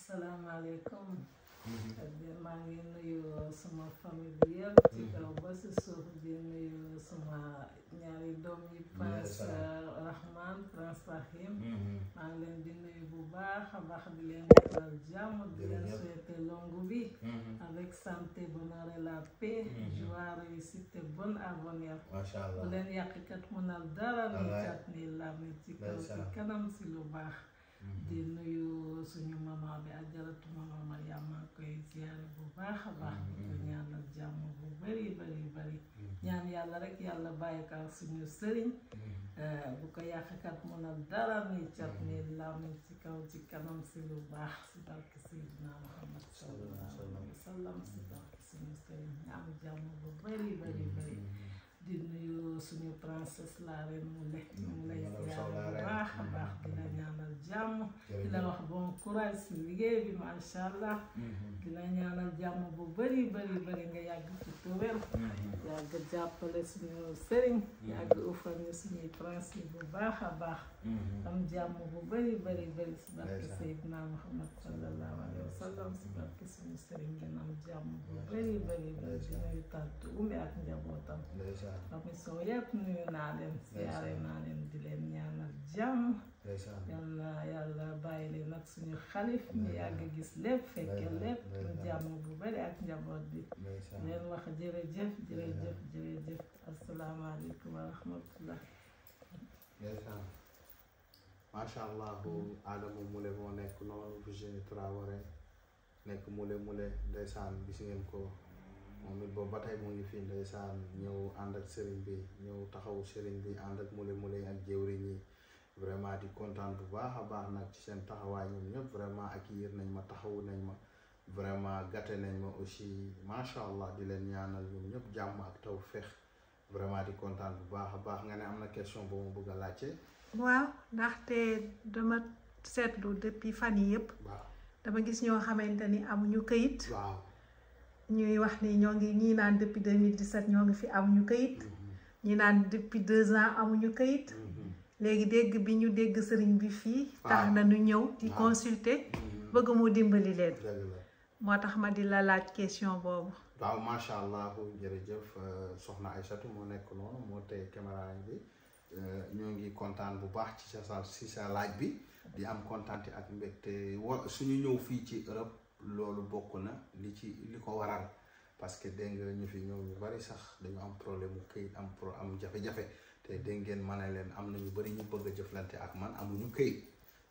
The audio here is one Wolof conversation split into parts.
asalaamaaleykum mm-hmm. maa ngi nuyu sama famille bi yëpp mm-hmm. ci kaw ba si suuf di nuyu sama ñaari doom rahman prince rahim mm-hmm. maa leen di nuyu bu baax a baax di leen defal jàmm di leen souhaiter longue vie avec santé bonheur la paix joie réussite et bon avenir bu leen yàqkat mënal dara ni kat ni lam ni ci kaw kanam si lu baax di nuyu suñu maman bi ajaratu maman Mariama koy ziyaare bu baax a baax di ko ñaanal jàmm bu bari bari bari ñaan yàlla rek yàlla bàyyi ko suñu sëriñ mm-hmm. eh, bu ko yàqkat mun a dara ni cat ni mm-hmm. làmmiñ ci kaw ci kanam si lu baax si barke Seydina Muhammad sallallahu alayhi suñu sëriñ ñaan jàmm bu bari bari bari mm-hmm. di nuyu suñu princesse la reine mu lekk courage si liggéey bi macha allah. Mm-hmm. di la ñaanal bu bëri bëri nga yàgg ci tuwel. Mm-hmm. yàgg jàppale suñu sëriñ. Mm-hmm. yàgg ufal ñu suñuy principe bu baax a baax. am jàmm bu bëri bëri bëri si barke Seydina Muhammad sallallahu alayhi wa sallam si barke suñu sëriñ ngeen am jàmm bu bëri bëri bëri di nuyu tàttu umbi ak njabootam. famille soo yëpp nuyu naa leen siyaare naa leen di leen ñaanal yàlla yàlla bàyyi leen nag suñu xalif ñu yàgg gis lépp fekke lépp jàmm bu bari ak njaboot bi leen wax jërëjëf jërëjëf jërëjëf asalaamaaleykum wa rahmatullah ndeysaan macha allah bu Adama moo nekk noonu Virginie Traoré ngeen ko moom it boobu ba tey mu ngi fii ndeysaan ñëw ànd ak sëriñ bi ñëw taxawu sëriñ bi ànd ak Moule Moule ak jëwriñ yi vraiment di kontaan bu baax a baax nag ci seen taxawaay ñoom ñëpp vraiment accueillir nañ ma taxawu nañ ma vraiment gàtte nañ ma aussi macha allah di leen ñaanal ñoom ñëpp jàmm ak taw feex vraiment di kontaan bu baax a baax nga ne am na question boo ma bëgg a laajte. waaw ndaxte dama seetlu depuis fan yi yëpp. waaw dama gis ñoo xamante ni amuñu këyit. waaw ñuy wax nii ñoo ngi ñii naan depuis 2017 ñoo ngi fi amuñu këyit. Mhm. ñii naan depuis deux ans amuñu këyit. Mhm. léegi dégg bi ñu dégg sëriñ bi fii ah. tax na nu ñëw di ah. consulter hmm. bëgg mu dimbali leen moo tax ma di la laaj question boobu waaw macha allah jërëjëf euh, soxna Aysatu moo nekk noonu moo tey caméra bi euh, ñoo ngi kontaan bu baax ci sa si sa laaj bi di am kontaan ak mbégte wa suñu ñëw fii ci Europe loolu bokk na li ci li ko waral parce que dégg nga ñu fi ñëw ñu bari sax dañu am problème mu am pro am jafe-jafe te dégg ngeen ma ne leen am na ñu bëri ñu bëgg a jëflante ak man amuñu këy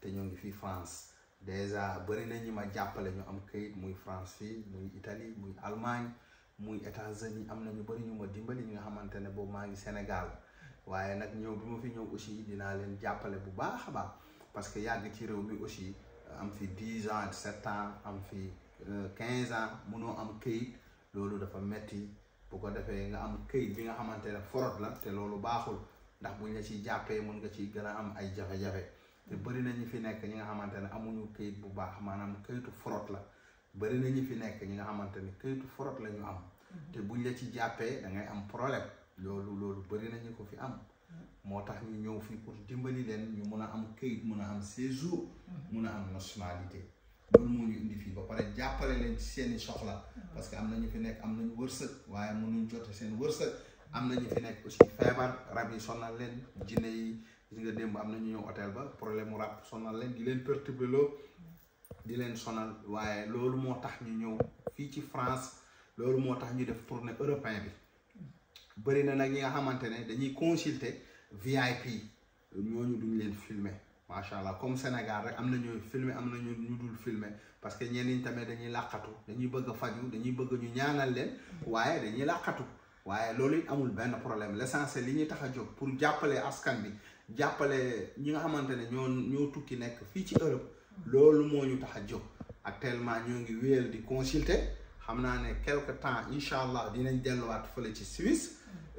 te ñoo ngi fii France déjà bëri na ñi ma jàppale ñu am këyit muy France fii muy Italie muy Allemagne muy États-Unis am na ñu bëri ñu ma dimbali ñi nga xamante ne boobu maa ngi Sénégal waaye nag ñëw bi ma fi ñëw aussi dinaa leen jàppale bu baax a baax parce que yàgg ci réew mi aussi am fi dix ans sept ans am fi euh, quinze ans munoo am këyit loolu dafa metti boo ko defee nga am këyit bi nga xamante ne forot la te baaxul ndax buñ la ci jàppee mun nga ci gën a am ay jafe-jafe te bëri na ñu fi nekk ñi nga xamante ne amuñu këyit bu baax maanaam këyitu fraude la bëri na ñu fi nekk ñi nga xamante ne këyitu fraude la ñu am mm-hmm. te buñ la ci jàppee da ngay am problème loolu loolu bëri na ko fi am mm-hmm. moo tax ñu ñëw fii pour dimbali leen ñu mun a am këyit mun a am séjour mm-hmm. mun a am nationalité loolu mu ñu indi fii ba pare jàppale leen ci seeni soxla parce que am na ñu fi nekk am nañu wërsëg waaye mënuñ jote seen wërsëg am na ñu fi nekk aussi feebar rab yi sonal leen jinne yi gis nga démb am na ñu ñëw hôtel ba problème mu rab sonal leen di leen perturbé loo di leen sonal waaye loolu moo tax ñu ñëw fii ci France loolu moo tax ñu def tournée européen bi bëri na nag ñi nga xamante ne dañuy consulter VIP ñooñu duñ leen filmer macha allah comme Sénégal rek am na ñuy filme am na ñu ñu dul filmer parce que ñenn tamit dañuy làqatu dañuy bëgg a faju dañuy bëgg ñu ñaanal leen waaye dañuy làqatu waaye loolu it amul benn problème l'essentiel li ñuy tax a jóg pour jàppale askan bi jàppale ñi nga xamante ne ñoo ñoo tukki nekk fii ci Europe loolu moo ñu tax a jóg actuellement ñoo ngi wéyal di consulter xam naa ne quelque temps incha allah dinañ delluwaat fële ci Suisse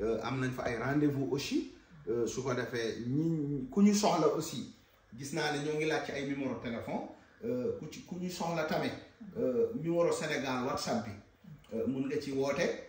euh, am nañ fa ay rendez-vous aussi euh, su ko defee ñi ku ñu soxla aussi gis naa ne ñoo ngi laaj ci ay numéro téléphone euh, ku ci ku ñu soxla tamit numéro Sénégal WhatsApp bi mun nga ci woote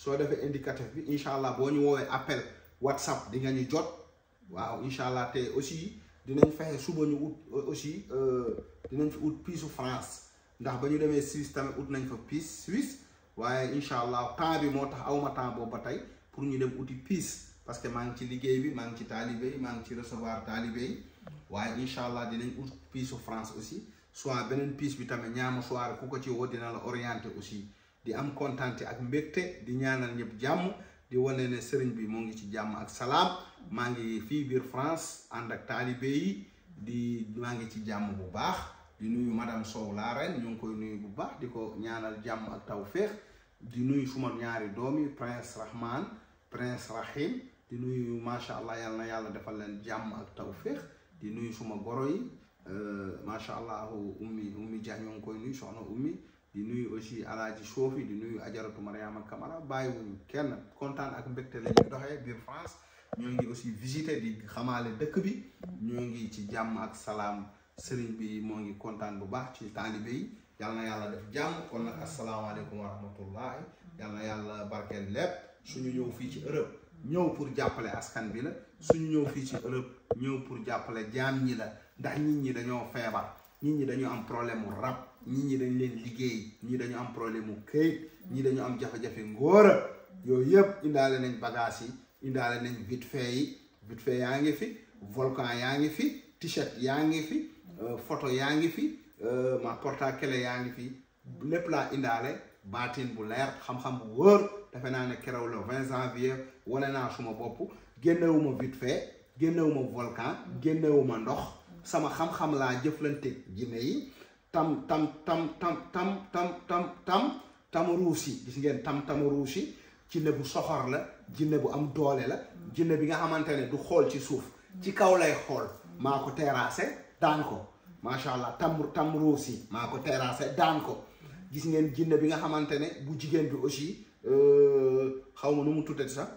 soo defee indicatif bi incha allah boo ñu woowee appel whatsapp di nga ñu jot waaw incha allah te aussi dinañ fexe suba ñu ut euh, aussi euh, dinañ fi ut piisu France ndax ba demee Suisse tamit nañ fa piis Suisse waaye incha allah temps bi moo tax awma temps boobu ba tey pour ñu dem uti piis parce que maa ngi ci liggéey bi maa ngi ci taalibe yi maa ngi ci recevoir taalibe yi waaye incha allah dinañ ut piisu France aussi soit beneen piis bi tamit ñaama soir ku ko ci woo dina la orienté aussi di am kontaante ak mbégte di ñaanal ñëpp jàmm di wane ne sëriñ bi moo ngi ci jàmm ak salaam maa ngi fii biir France ànd ak taalibe di maa ngi ci jàmm bu baax di nuyu madame Sow laa ren ñu ngi koy nuyu bu baax di ko ñaanal jàmm ak taw tawféex di nuyu suma ñaari doom yi prince Rahman prince Rahim di nuyu macha allah yal na yàlla defal leen jàmm ak taw tawféex di nuyu suma goro yi euh, macha allah ummi ummi Diagne ngi koy nuyu soxna ummi. di nuyu aussi alaaji Sofi di nuyu ajaratu Mariama bàyyi bàyyiwuñu kenn kontaan ak mbégte la ñuy doxee biir France ñoo ngi aussi visité di xamaale dëkk bi ñoo ngi ci jàmm ak salaam sëriñ bi moo ngi kontaan bu baax ci taalibe yi yal na yàlla def jàmm kon nag asalaamaaleykum wa rahmatullahi yal yàlla barkeel lépp suñu ñëw fii ci Europe ñëw pour jàppale askan bi la suñu ñëw fii ci Europe ñëw pour jàppale jaam ñi la ndax nit ñi dañoo feebar nit ñi dañoo am problème mu rab ñii ñi dañ leen liggéey ñii dañu am problème mu këyit ñii dañu am jafe-jafe ngóora yooyu yëpp indaale nañ bagage yi indaale nañ vite fait yi vite yaa ngi fi volcan yaa ngi fi t-shirt yaa ngi fi euh, photo yaa ngi fi euh, ma porte-clés yaa ngi fi lépp laa indaale baatin bu leer xam-xam bu wóor defe naa ne keroog le 20 janvier wane naa suma bopp génnewuma vite fait génnewuma volcan génnewuma ndox sama xam-xam laa jëflante jinne yi tam tam tam tam tam tam tam tam tamaruusi gis ngeen tam tamaruusi jinne bu soxor la jinne bu am doole la jinne bi nga xamante ne du xool ci suuf ci kaw lay xool maa ko terrassé daan ko macha allah tam tamaruusi maa ko terrassé daan ko gis ngeen jinne bi nga xamante ne bu jigéen bi aussi euh, xaw ma nu mu tuddati sax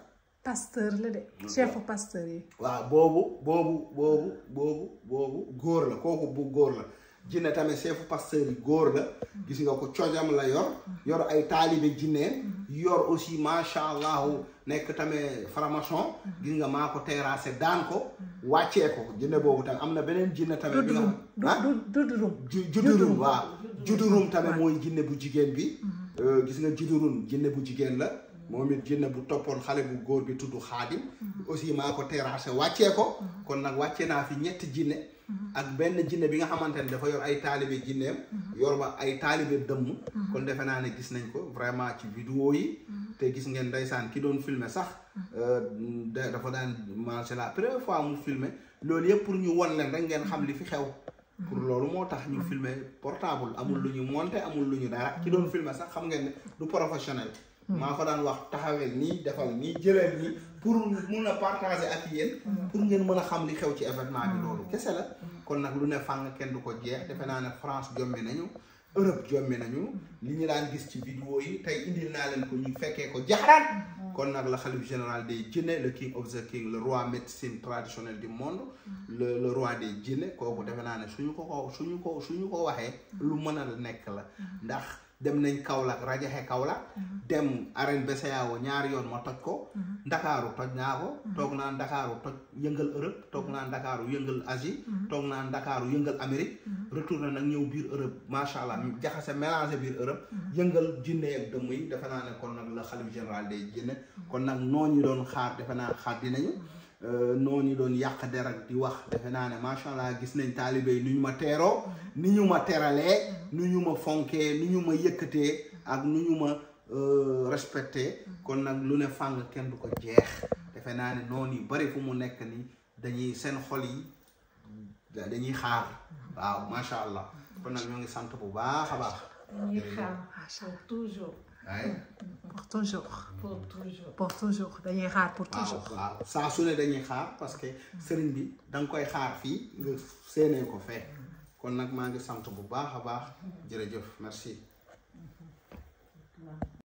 pasteur la de chef pasteur yi waaw boobu boobu boobu boobu boobu góor la kooku bu góor la jinne tamit seefu pasteur yi góor la gis nga ko coojam la yor yor ay taalibe jinne yor aussi macha allahu nekk tamit franc gis nga maa ko terrassé daan ko wàccee ko jinne boobu tamit am na beneen jinne tamit bi nga ah? tamit mooy jinne bu jigéen bi mhm. euh, gis nga judurum jinne bu jigéen la moo it jinne bu toppoon xale bu góor bi tudd xaadim mhm. aussi maa ko terrassé wàccee ko mhm. kon nag wàccee naa fi ñetti jinne ak benn jinne bi nga xamante ne dafa yor ay taalibe jinneem yor ba ay taalibe dëmm kon defe naa ne gis nañ ko vraiment ci vidéo yi te gis ngeen ndeysaan ki doon filmer sax euh, dafa daan man la première fois mu filmer loolu yëpp pour ñu won leen rek ngeen xam li fi xew pour loolu moo tax ñu filmer portable amul lu ñu moonte amul lu ñu dara ki doon filmer sax xam ngeen ne du professionnel maa ko daan wax taxawel nii defal nii jëlal nii pour mun a partager ak yéen. Mm. pour ngeen mën a xam li xew ci événement bi mm. loolu kese la. Mm. kon nag lu ne fàng kenn du ko jeex defe naa ne France jombi nañu. Europe jombi nañu. li ñu daan gis ci vidéo yi tey indil naa leen ko ñu fekkee ko jaxaraan. kon nag la xalif général des jinne le king of the king le roi médecine traditionnelle du monde. le le roi des jinne kooku defe naa ne suñu ko ko suñu ko ñu ko waxee. lu mën a nekk la dem nañ Kaolack rajaxe Kaolack mhm. dem arène BCEAO ñaari yoon ma toj ko mhm. ndakaaru toj naa ko mhm. toog naa ndakaaru toj yëngal Europe toog naa ndakaaru yëngal Asie toog naa ndakaaru yëngal Amérique retourné nag ñëw biir Europe macha allah jaxase mélangé biir Europe yëngal jinne ak dëmm yi defe naa ne kon nag la xalif général day jinne kon nag noo ñu doon xaar defe naa xaar dinañu Euh, noonu doon yàq der ak di wax defe naa ne macha allah gis nañ taalibe yi nu ñu ma teeroo ni ñu ma teralee nu ñu ma fonkee nu ñu ma yëkkatee ak nuñu ñu ma euh, respecté kon nag lu ne fàng kenn du ko jeex defe naa ne noonu yu bari fu mu nekk ni dañuy seen xol yi dañuy xaar waaw macha allah kon nag ñoo ngi sant bu baax a baax. ñuy xaar pour toujours. pour toujours. pour toujours pour toujours dañuy xaar pour toujours. waaw saa su ne dañuy xaar parce que sëriñ bi da nga koy xaar fii nga séenee ko fee kon nag maa ngi sant bu baax a baax mm-hmm. jërëjëf merci.